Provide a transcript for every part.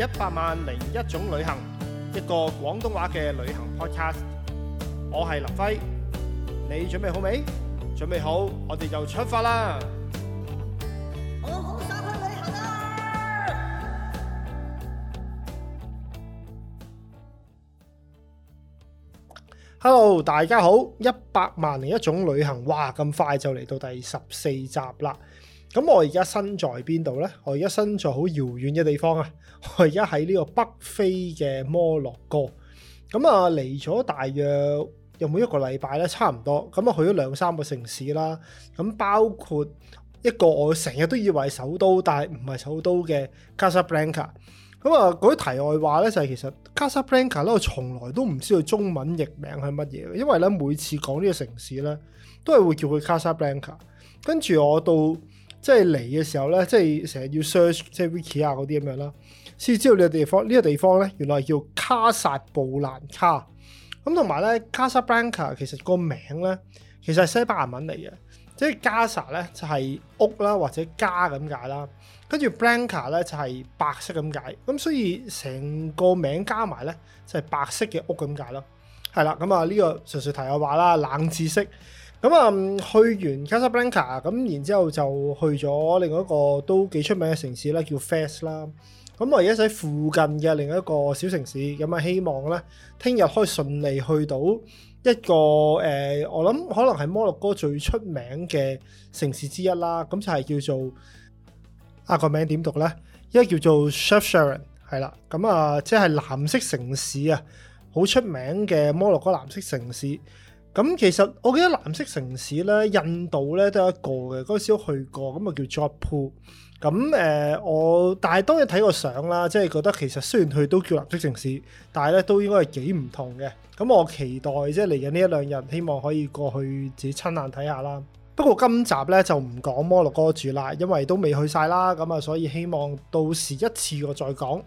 一百萬零一種旅行，一個廣東話嘅旅行 podcast。我係林輝，你準備好未？準備好，我哋就出發啦！我好想去旅行啊！Hello，大家好，一百萬零一種旅行，哇！咁快就嚟到第十四集啦！咁我而家身在邊度呢？我而家身在好遙遠嘅地方啊！我而家喺呢個北非嘅摩洛哥。咁啊，嚟咗大約有每一個禮拜咧，差唔多。咁啊，去咗兩三個城市啦。咁包括一個我成日都以為首都，但係唔係首都嘅 Casablanca。咁啊，嗰啲題外話呢，就係其實 Casablanca 咧，我從來都唔知道中文譯名係乜嘢，因為呢，每次講呢個城市呢，都係會叫佢 Casablanca。跟住我到。即係嚟嘅時候咧，即係成日要 search 即係 wiki 啊嗰啲咁樣啦，先知道呢個地方。呢個地方咧，原來係叫卡薩布蘭卡。咁同埋咧，卡薩布蘭卡其實個名咧，其實係西班牙文嚟嘅。即係加薩咧就係屋啦，或者家咁解啦。跟住布蘭卡咧就係白色咁解。咁所以成個名加埋咧就係白色嘅屋咁解咯。係啦，咁啊呢個純粹題外話啦，冷知識。咁啊，去完 Casablanca，咁然之後就去咗另外一個都幾出名嘅城市啦，叫 Fes 啦。咁我而家喺附近嘅另一個小城市，咁啊希望咧，聽日可以順利去到一個誒、呃，我諗可能係摩洛哥最出名嘅城市之一啦。咁就係、是、叫做啊個名點讀咧？一個叫做 Chefchaouen 係啦。咁啊，即係藍色城市啊，好出名嘅摩洛哥藍色城市。咁其實我記得藍色城市咧，印度咧都有一個嘅，嗰時都去過，咁啊叫 Jodhpur。咁誒、呃、我，但係當然睇過相啦，即係覺得其實雖然佢都叫藍色城市，但係咧都應該係幾唔同嘅。咁我期待即係嚟緊呢一兩日，希望可以過去自己親眼睇下啦。不過今集咧就唔講摩洛哥住啦，因為都未去晒啦，咁啊所以希望到時一次過再講。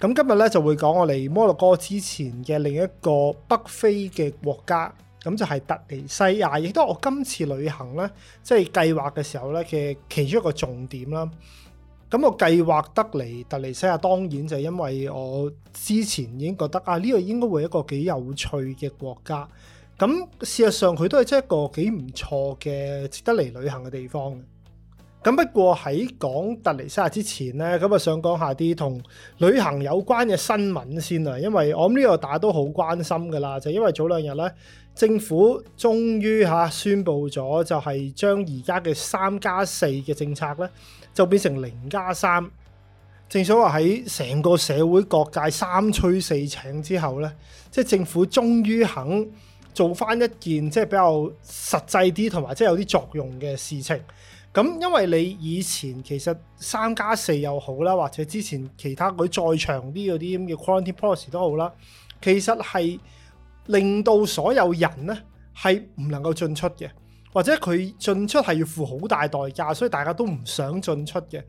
咁今日咧就會講我嚟摩洛哥之前嘅另一個北非嘅國家。咁就係突尼西亞，亦都係我今次旅行咧，即係計劃嘅時候咧嘅其中一個重點啦。咁我計劃得嚟突尼西亞，當然就係因為我之前已經覺得啊，呢個應該會係一個幾有趣嘅國家。咁事實上佢都係即係一個幾唔錯嘅值得嚟旅行嘅地方。咁不過喺講突尼西亞之前咧，咁啊想講下啲同旅行有關嘅新聞先啦，因為我諗呢個大家都好關心噶啦，就係、因為早兩日咧，政府終於嚇宣布咗，就係將而家嘅三加四嘅政策咧，就變成零加三。3, 正所謂喺成個社會各界三催四請之後咧，即、就、係、是、政府終於肯做翻一件即係比較實際啲同埋即係有啲作用嘅事情。咁因為你以前其實三加四又好啦，或者之前其他佢再長啲嗰啲咁嘅 quarantine policy 都好啦，其實係令到所有人咧係唔能夠進出嘅，或者佢進出係要付好大代價，所以大家都唔想進出嘅。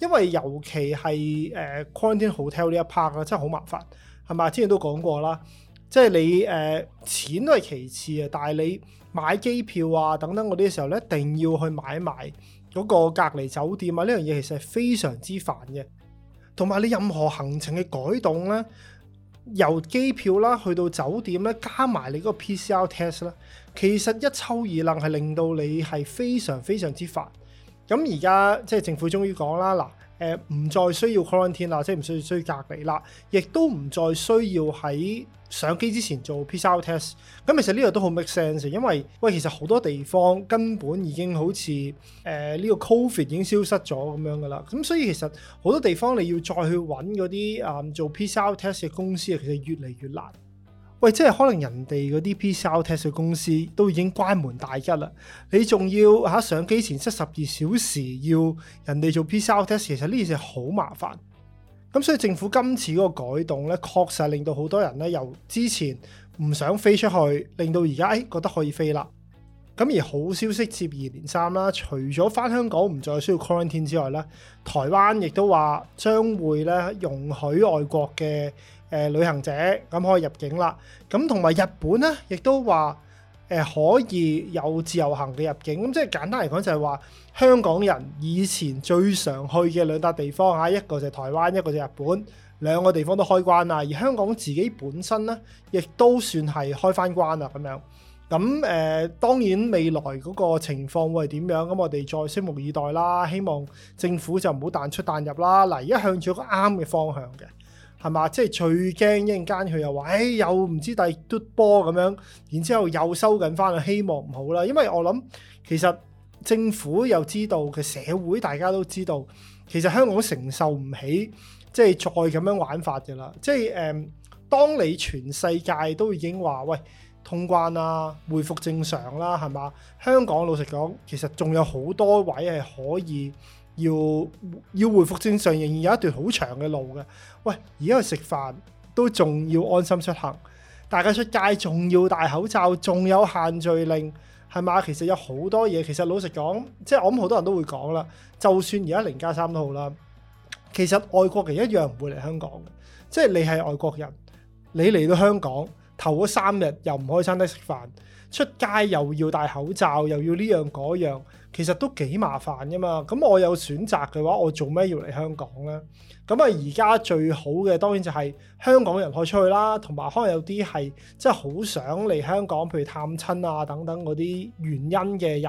因為尤其係誒 quarantine hotel 呢一 part 啊，真係好麻煩，係嘛？之前都講過啦，即係你誒錢都係其次啊，但係你，買機票啊等等嗰啲嘅時候咧，一定要去買埋嗰個隔離酒店啊！呢樣嘢其實係非常之煩嘅，同埋你任何行程嘅改動咧，由機票啦去到酒店咧，加埋你嗰個 PCR test 啦，其實一抽二愣係令到你係非常非常之煩。咁而家即係政府終於講啦嗱。誒唔、呃、再需要 quarantine 啦，即係唔需要需要隔離啦，亦都唔再需要喺上機之前做 PCR test、嗯。咁其實呢個都好 make sense，因為喂其實好多地方根本已經好似誒呢個 COVID 已經消失咗咁樣噶啦。咁、嗯、所以其實好多地方你要再去揾嗰啲啊做 PCR test 嘅公司，其實越嚟越難。喂，即係可能人哋嗰啲 PCR test 嘅公司都已經關門大吉啦，你仲要喺上機前七十二小時要人哋做 PCR test，其實呢件事好麻煩。咁所以政府今次嗰個改動咧，確實令到好多人咧由之前唔想飛出去，令到而家誒覺得可以飛啦。咁而好消息接二連三啦，除咗返香港唔再需要 quarantine 之外咧，台灣亦都話將會咧容許外國嘅。誒、呃、旅行者咁可以入境啦，咁同埋日本咧，亦都話誒、呃、可以有自由行嘅入境。咁、呃、即係簡單嚟講就係話，香港人以前最常去嘅兩笪地方嚇，一個就係台灣，一個就係日本，兩個地方都開關啦。而香港自己本身咧，亦都算係開翻關啦咁樣。咁、呃、誒當然未來嗰個情況會係點樣？咁我哋再拭目以待啦。希望政府就唔好彈出彈入啦。嗱，而家向住一個啱嘅方向嘅。係嘛？即係最驚一陣間，佢又話，誒，又唔知第嘟波咁樣，然之後又收緊翻，希望唔好啦。因為我諗，其實政府又知道嘅社會，大家都知道，其實香港承受唔起，即係再咁樣玩法嘅啦。即係誒、嗯，當你全世界都已經話，喂，通關啦，回復正常啦，係嘛？香港老實講，其實仲有好多位係可以。要要恢復正常，仍然有一段好長嘅路嘅。喂，而家去食飯都仲要安心出行，大家出街仲要戴口罩，仲有限聚令，係嘛？其實有好多嘢，其實老實講，即係我諗好多人都會講啦。就算而家零加三都好啦，其實外國人一樣唔會嚟香港嘅，即係你係外國人，你嚟到香港頭嗰三日又唔可以餐廳食飯。出街又要戴口罩，又要呢樣嗰樣，其實都幾麻煩㗎嘛。咁我有選擇嘅話，我做咩要嚟香港呢？咁啊，而家最好嘅當然就係香港人可以出去啦，同埋可能有啲係即係好想嚟香港，譬如探親啊等等嗰啲原因嘅人，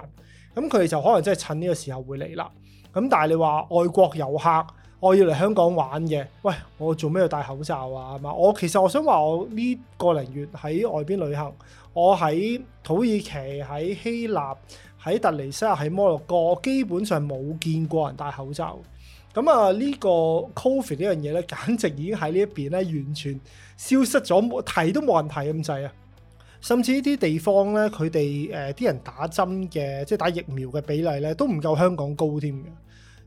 咁佢哋就可能即係趁呢個時候會嚟啦。咁但係你話外國遊客？我要嚟香港玩嘅，喂，我做咩要戴口罩啊？嘛，我其實我想話，我呢個零月喺外邊旅行，我喺土耳其、喺希臘、喺突尼西亞、喺摩洛哥，基本上冇見過人戴口罩。咁啊，呢個 Covid 呢樣嘢咧，簡直已經喺呢一邊咧，完全消失咗，提都冇人提咁滯啊！甚至呢啲地方咧，佢哋誒啲人打針嘅，即係打疫苗嘅比例咧，都唔夠香港高添嘅。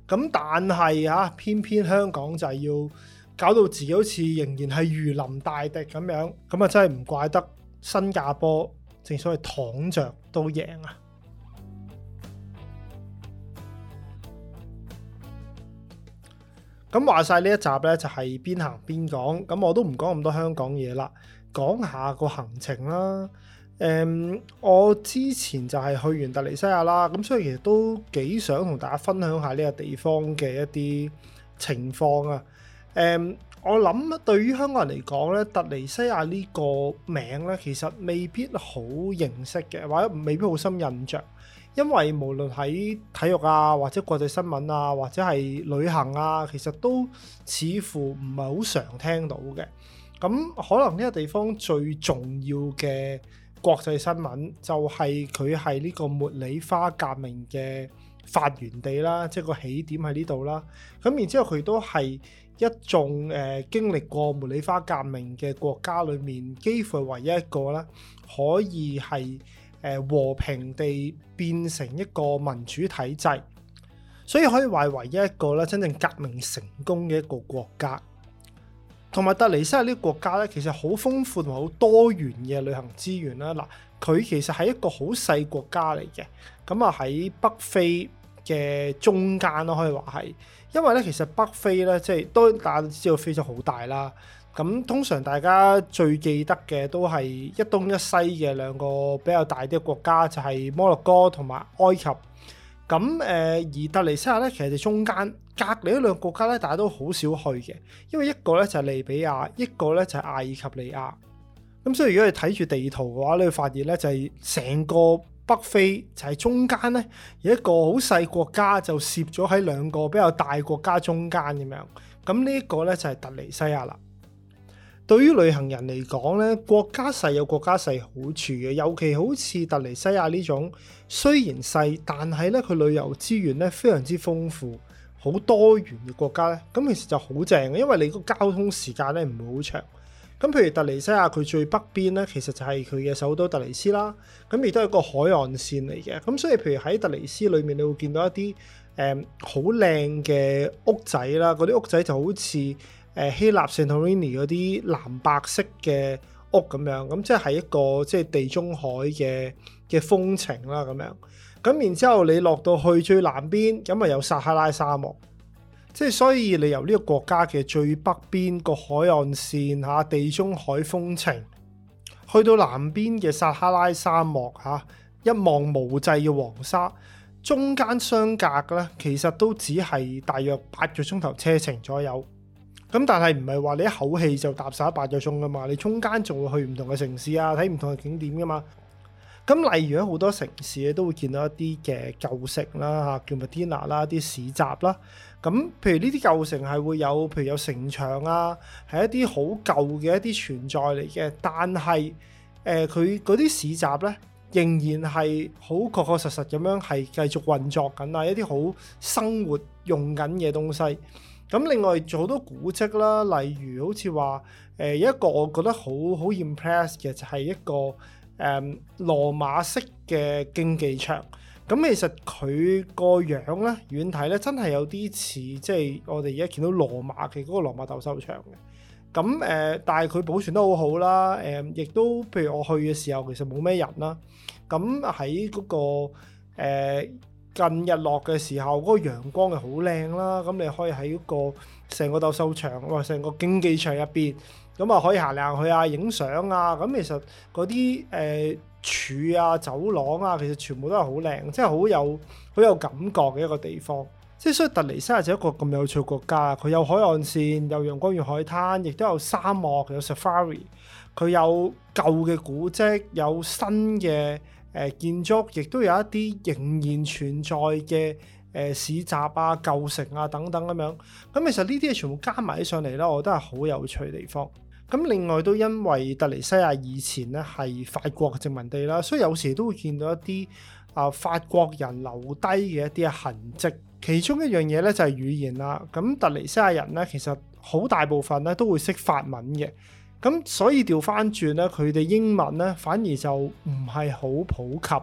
咁但係啊，偏偏香港就係要搞到自己好似仍然係如臨大敵咁樣，咁啊真係唔怪得新加坡正所謂躺着都贏啊！咁話晒呢一集呢，就係邊行邊講，咁我都唔講咁多香港嘢啦，講下個行程啦。誒，我之前就係去完突尼西亞啦，咁所以其實都幾想同大家分享下呢個地方嘅一啲情況啊。誒，我諗對於香港人嚟講咧，突尼西亞呢個名咧，其實未必好認識嘅，或者未必好深印象，因為無論喺體育啊，或者國際新聞啊，或者係旅行啊，其實都似乎唔係好常聽到嘅。咁可能呢個地方最重要嘅。國際新聞就係佢係呢個茉莉花革命嘅發源地啦，即係個起點喺呢度啦。咁然之後佢都係一眾誒、呃、經歷過茉莉花革命嘅國家裏面，幾乎唯一一個啦，可以係誒、呃、和平地變成一個民主體制，所以可以話唯一一個啦，真正革命成功嘅一個國家。同埋突尼西亞呢個國家咧，其實好豐富同埋好多元嘅旅行資源啦。嗱，佢其實係一個好細國家嚟嘅，咁啊喺北非嘅中間咯，可以話係。因為咧，其實北非咧，即係當然大家都知道非洲好大啦。咁通常大家最記得嘅都係一東一西嘅兩個比較大啲嘅國家，就係摩洛哥同埋埃及。咁誒，而突尼西亞咧，其實就中間隔離嗰兩個國家咧，大家都好少去嘅，因為一個咧就係利比亞，一個咧就係阿爾及利亞。咁所以如果你睇住地圖嘅話咧，你會發現咧就係成個北非就係中間咧有一個好細國家就攝咗喺兩個比較大國家中間咁樣。咁呢一個咧就係突尼西亞啦。對於旅行人嚟講咧，國家細有國家細好處嘅，尤其好似突尼西亞呢種，雖然細，但係咧佢旅遊資源咧非常之豐富，好多元嘅國家咧，咁其實就好正嘅，因為你個交通時間咧唔會好長。咁譬如突尼西亞佢最北邊咧，其實就係佢嘅首都突尼斯啦，咁亦都係一個海岸線嚟嘅。咁所以譬如喺突尼斯裏面，你會見到一啲誒好靚嘅屋仔啦，嗰啲屋仔就好似，誒希臘聖托里尼嗰啲藍白色嘅屋咁樣，咁即係一個即係地中海嘅嘅風情啦咁樣。咁然之後你落到去最南邊，咁啊有撒哈拉沙漠，即係所以你由呢個國家嘅最北邊個海岸線嚇地中海風情，去到南邊嘅撒哈拉沙漠嚇，一望無際嘅黃沙，中間相隔嘅咧，其實都只係大約八個鐘頭車程左右。咁但係唔係話你一口氣就搭晒八個鐘噶嘛？你中間仲會去唔同嘅城市啊，睇唔同嘅景點噶嘛？咁例如喺好多城市，你都會見到一啲嘅舊城啦，吓叫 Medina 啦，啲市集啦。咁譬如呢啲舊城係會有，譬如有城牆啊，係一啲好舊嘅一啲存在嚟嘅。但係誒，佢嗰啲市集咧，仍然係好確確實實咁樣係繼續運作緊啊，一啲好生活用緊嘅東西。咁另外仲好多古蹟啦，例如好似話，誒一個我覺得好好 impress 嘅就係一個誒、嗯、羅馬式嘅競技場。咁、嗯、其實佢個樣咧，遠睇咧，真係有啲似即係我哋而家見到羅馬嘅嗰個羅馬鬥獸場嘅。咁、嗯、誒、嗯，但係佢保存得好好啦。誒、嗯，亦都譬如我去嘅時候，其實冇咩人啦。咁喺嗰個、嗯近日落嘅時候，嗰個陽光係好靚啦，咁你可以喺嗰個成個鬥獸場，哇，成個競技場入邊，咁啊可以行嚟行去啊，影相啊，咁其實嗰啲誒柱啊、走廊啊，其實全部都係好靚，即係好有好有感覺嘅一個地方。即係所以，突尼西亞就一個咁有趣國家，佢有海岸線，有陽光與海灘，亦都有沙漠、有 Safari，佢有舊嘅古跡，有新嘅。呃、建築亦都有一啲仍然存在嘅誒、呃、市集啊、舊城啊等等咁樣，咁其實呢啲係全部加埋上嚟啦，我覺得係好有趣嘅地方。咁另外都因為突尼西亞以前咧係法國嘅殖民地啦，所以有時都會見到一啲啊法國人留低嘅一啲痕跡。其中一樣嘢咧就係語言啦，咁突尼西亞人咧其實好大部分咧都會識法文嘅。咁所以調翻轉咧，佢哋英文咧反而就唔係好普及。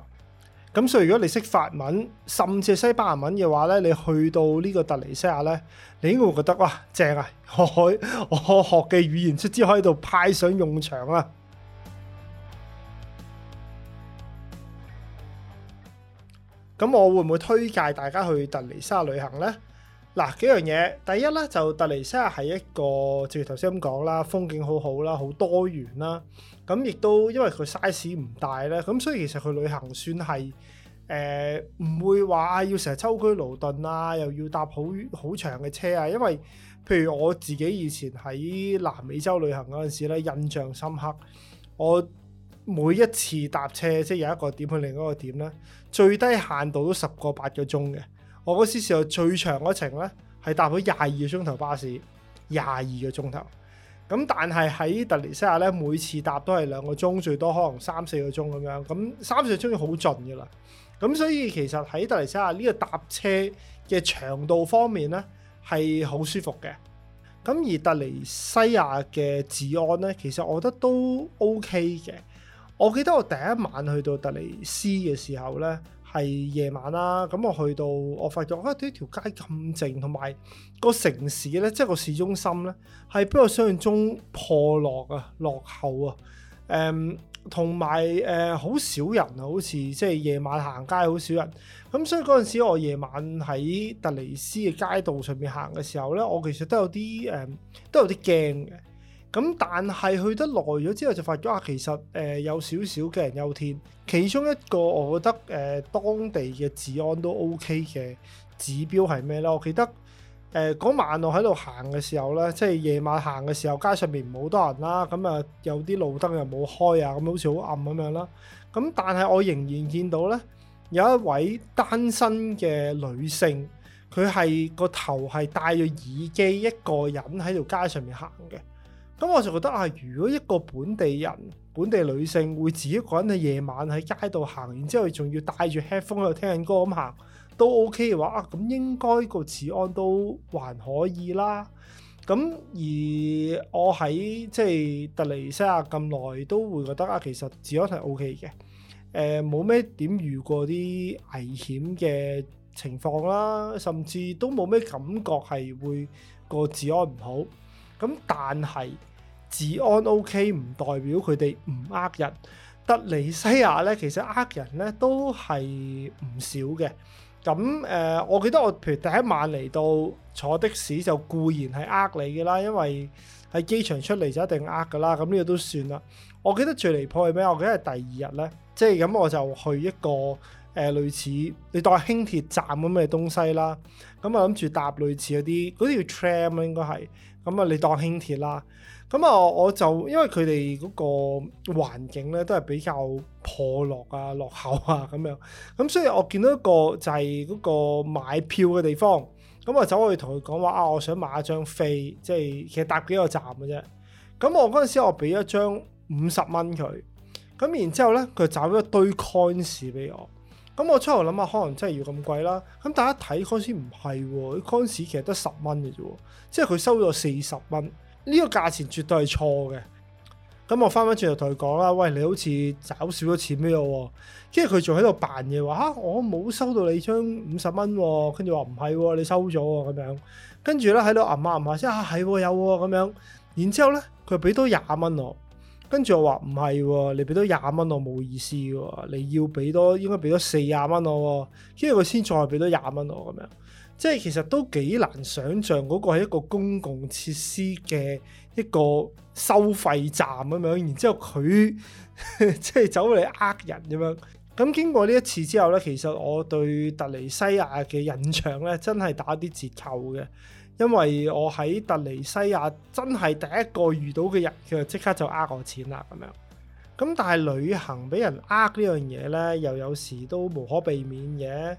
咁所以如果你識法文，甚至西班牙文嘅話咧，你去到呢個特尼西亞咧，你應該會覺得哇正啊！我我我學嘅語言即可以度派上用場啊！咁我會唔會推介大家去特尼西亞旅行咧？嗱，幾樣嘢，第一咧就突尼西亞係一個，正如頭先咁講啦，風景好好啦，好多元啦。咁亦都因為佢 size 唔大咧，咁所以其實去旅行算係誒唔會話啊要成日舟車勞頓啊，又要搭好好長嘅車啊。因為譬如我自己以前喺南美洲旅行嗰陣時咧，印象深刻。我每一次搭車即係有一個點去另一個點咧，最低限度都十個八個鐘嘅。我嗰時時候最長嗰程咧，係搭咗廿二個鐘頭巴士，廿二個鐘頭。咁但係喺突尼西亞咧，每次搭都係兩個鐘最多，可能三四個鐘咁樣。咁三四個鐘已經好盡噶啦。咁所以其實喺突尼西亞呢個搭車嘅長度方面咧，係好舒服嘅。咁而突尼西亞嘅治安咧，其實我覺得都 O K 嘅。我記得我第一晚去到突尼斯嘅時候咧。係夜晚啦，咁我去到，我發覺啊，呢、哎、條街咁靜，同埋、個城市咧，即係個市中心咧，係比我想象中破落啊、落後啊，誒、嗯，同埋誒好少人啊，好似即係夜晚行街好少人。咁所以嗰陣時，我夜晚喺特尼斯嘅街道上面行嘅時候咧，我其實都有啲誒、嗯，都有啲驚嘅。咁但係去得耐咗之後，就發覺啊，其實誒、呃、有少少杞人憂天。其中一個我覺得誒、呃、當地嘅治安都 OK 嘅指標係咩咧？我記得誒嗰、呃、晚我喺度行嘅時候咧，即係夜晚行嘅時候，街上面唔好多人啦，咁啊有啲路燈又冇開啊，咁好似好暗咁樣啦。咁但係我仍然見到咧有一位單身嘅女性，佢係個頭係戴住耳機，一個人喺條街上面行嘅。咁我就覺得啊，如果一個本地人、本地女性會自己一個人喺夜晚喺街度行，然之後仲要戴住 headphone 去聽緊歌咁行，都 OK 嘅話，咁、啊、應該個治安都還可以啦。咁而我喺即係突尼西亞咁耐，都會覺得啊，其實治安係 OK 嘅。誒、呃，冇咩點遇過啲危險嘅情況啦，甚至都冇咩感覺係會個治安唔好。咁但係治安 OK 唔代表佢哋唔呃人。突尼西亞咧，其實人呢，呃人咧都係唔少嘅。咁誒，我記得我譬如第一晚嚟到坐的士就固然係呃你嘅啦，因為喺機場出嚟就一定呃噶啦。咁呢個都算啦。我記得最離譜係咩？我記得係第二日咧，即係咁我就去一個誒、呃、類似你當輕鐵站咁嘅東西啦。咁啊，諗住搭類似嗰啲嗰條 tram 啊，應該係。咁啊，你當輕鐵啦。咁啊，我就因為佢哋嗰個環境咧，都係比較破落啊、落後啊咁樣。咁所以，我見到一個就係嗰個買票嘅地方。咁我走去同佢講話啊，我想買一張飛，即係其實搭幾個站嘅啫。咁我嗰陣時我俾一張五十蚊佢。咁然之後咧，佢找咗一堆 coins 俾我。咁我出頭諗下，可能真係要咁貴啦。咁大家睇嗰時唔係喎，嗰時，哦、其實得十蚊嘅啫，即係佢收咗四十蚊，呢、這個價錢絕對係錯嘅。咁我翻返轉頭同佢講啦，喂，你好似找少咗錢畀我喎，跟住佢仲喺度扮嘢話吓，我冇收到你張五十蚊，跟住話唔係，你收咗咁樣。跟住咧喺度揞下揞下先嚇，係，啊哦、有咁，哦、樣。然之後咧佢又俾多廿蚊我。跟住我話唔係喎，你俾多廿蚊我冇意思喎，你要俾多應該俾多四廿蚊我，跟住佢先再俾多廿蚊我咁樣，即係其實都幾難想像嗰個係一個公共設施嘅一個收費站咁 樣，然之後佢即係走嚟呃人咁樣。咁經過呢一次之後咧，其實我對突尼西亞嘅印象咧，真係打啲折扣嘅。因為我喺突尼西亞真係第一個遇到嘅人，佢就即刻就呃我錢啦咁樣。咁但係旅行俾人呃呢樣嘢咧，又有時都無可避免嘅。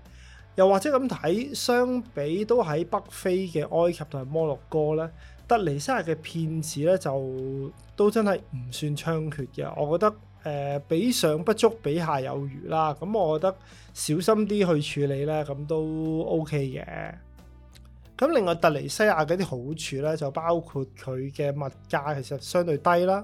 又或者咁睇，相比都喺北非嘅埃及同埋摩洛哥咧，突尼西亞嘅騙子咧就都真係唔算猖獗嘅。我覺得誒、呃，比上不足，比下有餘啦。咁我覺得小心啲去處理咧，咁都 OK 嘅。咁另外突尼西亞嗰啲好處咧，就包括佢嘅物價其實相對低啦。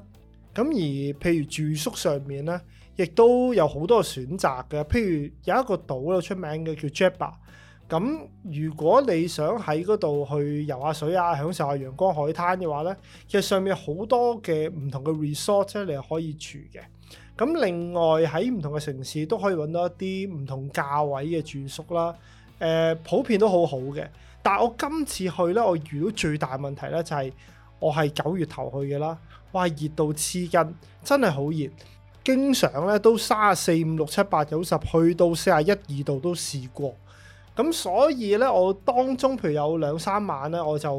咁而譬如住宿上面咧，亦都有好多選擇嘅。譬如有一個島度出名嘅叫 Jebba。咁如果你想喺嗰度去游下水啊，享受下陽光海灘嘅話咧，其實上面好多嘅唔同嘅 resort 咧，你係可以住嘅。咁另外喺唔同嘅城市都可以揾到一啲唔同價位嘅住宿啦。誒、呃，普遍都好好嘅。但我今次去咧，我遇到最大問題咧就係、是、我係九月頭去嘅啦，哇熱到黐筋，真係好熱，經常咧都三啊四五六七八九十，去到四啊一二度都試過。咁所以咧，我當中譬如有兩三晚咧，我就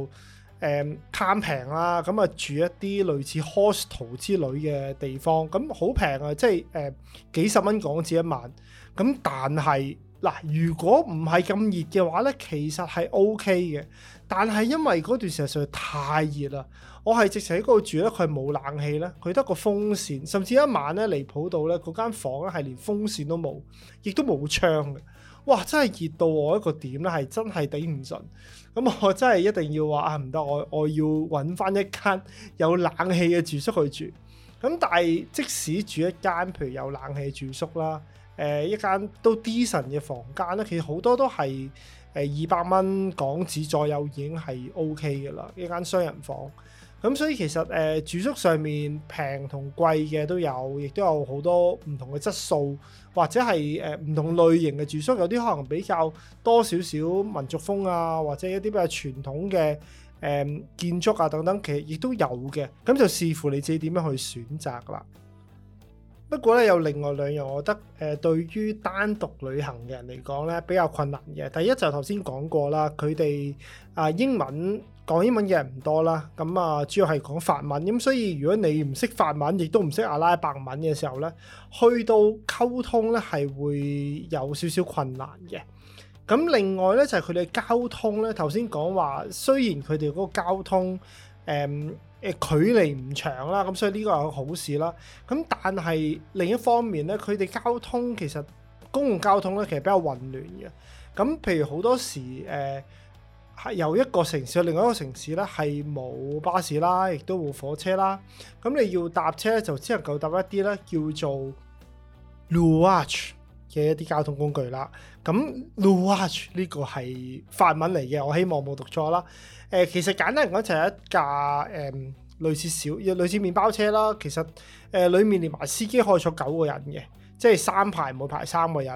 誒貪平啦，咁、呃、啊住一啲類似 hostel 之類嘅地方，咁好平啊，即係誒、呃、幾十蚊港紙一晚。咁但係。嗱，如果唔係咁熱嘅話咧，其實係 OK 嘅。但係因為嗰段時間實在太熱啦，我係直情喺嗰度住咧，佢冇冷氣咧，佢得個風扇，甚至一晚咧離譜到咧，嗰間房咧係連風扇都冇，亦都冇窗嘅。哇！真係熱到我一個點咧，係真係頂唔順。咁我真係一定要話啊唔得，我我要揾翻一間有冷氣嘅住宿去住。咁但係即使住一間，譬如有冷氣住宿啦，誒、呃、一間都 decent 嘅房間咧，其實好多都係誒二百蚊港紙左右已經係 OK 嘅啦，一間雙人房。咁、呃、所以其實誒、呃、住宿上面平同貴嘅都有，亦都有好多唔同嘅質素，或者係誒唔同類型嘅住宿，有啲可能比較多少少民族風啊，或者一啲比較傳統嘅。誒、嗯、建築啊等等，其實亦都有嘅，咁就視乎你自己點樣去選擇啦。不過咧，有另外兩樣，我覺得誒、呃、對於單獨旅行嘅人嚟講咧，比較困難嘅。第一就頭先講過啦，佢哋啊英文，講英文嘅人唔多啦，咁啊主要係講法文，咁、嗯、所以如果你唔識法文，亦都唔識阿拉伯文嘅時候咧，去到溝通咧係會有少少困難嘅。咁另外咧就係佢哋交通咧，頭先講話雖然佢哋嗰個交通誒誒、嗯、距離唔長啦，咁所以呢個係好事啦。咁但係另一方面咧，佢哋交通其實公共交通咧其實比較混亂嘅。咁譬如好多時誒係由一個城市去另外一個城市咧，係冇巴士啦，亦都冇火車啦。咁你要搭車咧，就只能夠搭一啲咧叫做 louage 嘅一啲交通工具啦。咁 Louage 呢個係法文嚟嘅，我希望冇讀錯啦。誒、呃，其實簡單嚟講就係一架誒、呃、類似小，類似麪包車啦。其實誒裏、呃、面連埋司機可以坐九個人嘅，即係三排每排三個人。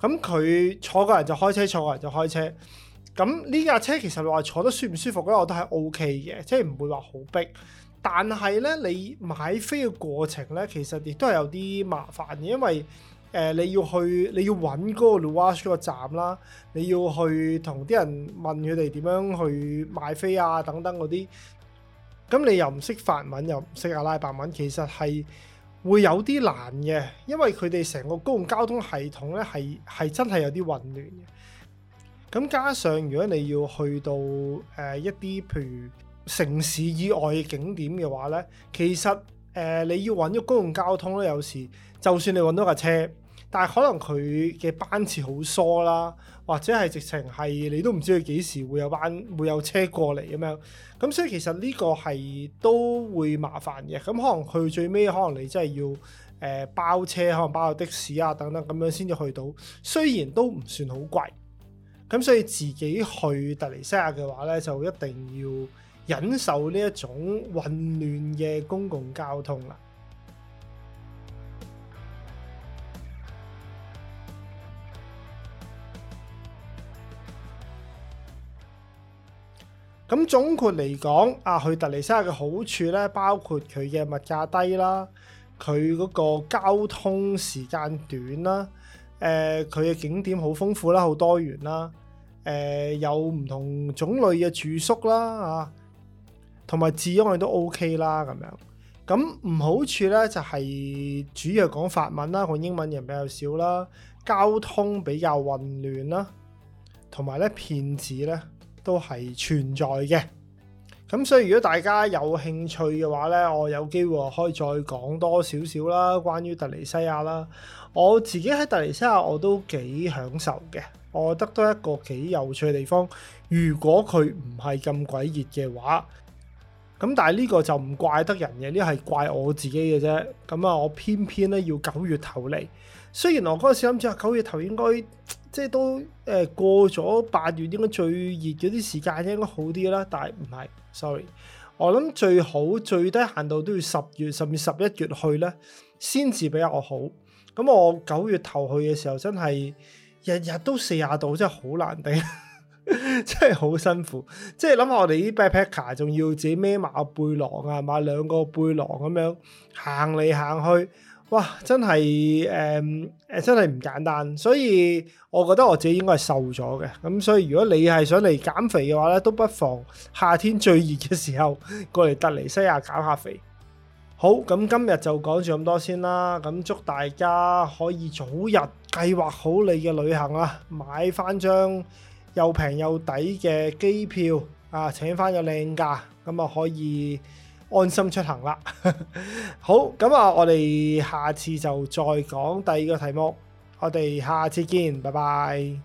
咁、嗯、佢坐個人就開車，坐個人就開車。咁、嗯、呢架車其實話坐得舒唔舒服咧，我覺得係 O K 嘅，即係唔會話好逼。但係咧，你買飛嘅過程咧，其實亦都係有啲麻煩嘅，因為，誒、呃，你要去，你要揾嗰個 luggage 個站啦，你要去同啲人問佢哋點樣去買飛啊等等嗰啲，咁你又唔識法文，又唔識阿拉伯文，其實係會有啲難嘅，因為佢哋成個公共交通系統咧，係係真係有啲混亂嘅。咁加上如果你要去到誒、呃、一啲譬如城市以外嘅景點嘅話咧，其實誒、呃、你要揾個公共交通咧，有時就算你揾到架車。但係可能佢嘅班次好疏啦，或者係直情係你都唔知佢幾時會有班會有車過嚟咁樣，咁所以其實呢個係都會麻煩嘅。咁可能去最尾可能你真係要誒、呃、包車，可能包個的士啊等等咁樣先至去到。雖然都唔算好貴，咁所以自己去突尼西亞嘅話咧，就一定要忍受呢一種混亂嘅公共交通啦。咁總括嚟講，啊去突尼西亞嘅好處咧，包括佢嘅物價低啦，佢嗰個交通時間短啦，誒佢嘅景點好豐富啦，好多元啦，誒、呃、有唔同種類嘅住宿啦，啊，同埋治安都 O、OK、K 啦，咁樣。咁唔好處咧就係、是、主要講法文啦，講英文人比較少啦，交通比較混亂啦，同埋咧騙子咧，都係存在嘅，咁所以如果大家有興趣嘅話呢，我有機會可以再講多少少啦，關於突尼西亞啦。我自己喺突尼西亞我都幾享受嘅，我覺得都一個幾有趣嘅地方。如果佢唔係咁鬼熱嘅話，咁但係呢個就唔怪得人嘅，呢個係怪我自己嘅啫。咁啊，我偏偏咧要九月頭嚟。雖然我嗰陣時諗住啊，九月頭應該～即係都誒、呃、過咗八月應該最熱嗰啲時間咧應該好啲啦，但係唔係，sorry。我諗最好最低限度都要十月甚至十一月去咧，先至比較好。咁我九月頭去嘅時候真係日日都四十度，真係好難頂， 真係好辛苦。即係諗下我哋啲 backpacker 仲要自己孭埋個背囊啊，買兩個背囊咁樣行嚟行去。哇！真係誒誒，真係唔簡單，所以我覺得我自己應該係瘦咗嘅。咁所以如果你係想嚟減肥嘅話咧，都不妨夏天最熱嘅時候過嚟突尼西亞減下肥。好，咁今日就講住咁多先啦。咁祝大家可以早日計劃好你嘅旅行啊，買翻張又平又抵嘅機票啊，請翻個靚假，咁啊可以。安心出行啦！ 好，咁啊，我哋下次就再講第二個題目。我哋下次見，拜拜。